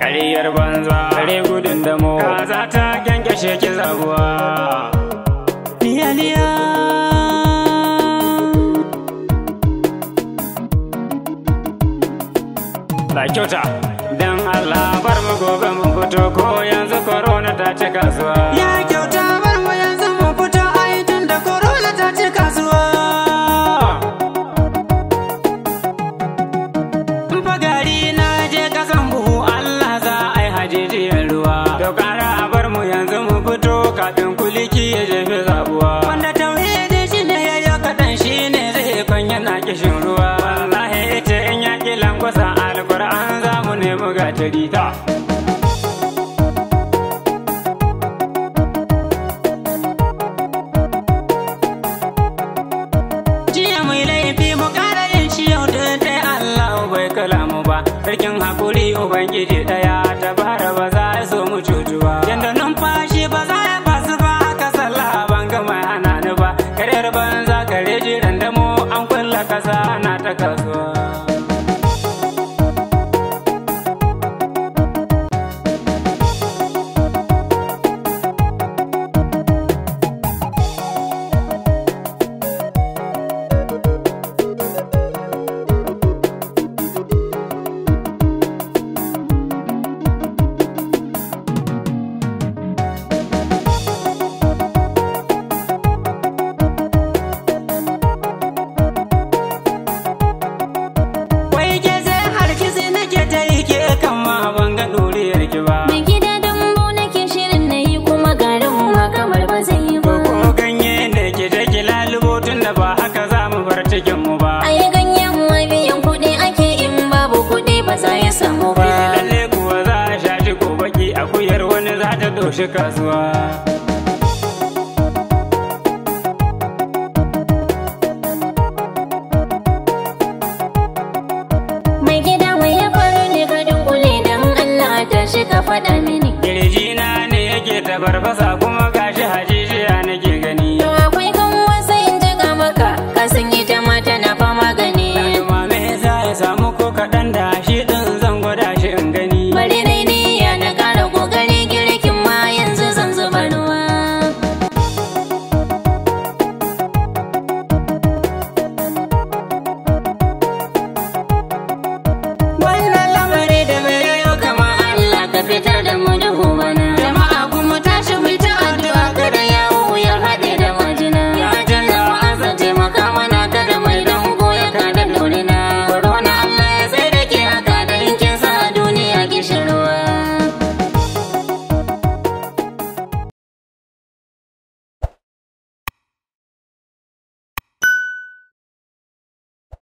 Kariyar banza, kare gudun damo, kaza ta kyankyashe ki zaguwa. Liya-liya. Da kyauta, don Allah bar mu gobe mu fito ko gatari muyi laifi mu yin shi yau Allah bai kalamu ba hakuri ubangiji ɗaya zata ta doshi kasuwa. Mai gida mai ya faru ne ka dunkule don Allah ta shi ka faɗa mini. Kirjina ne yake ta farfasa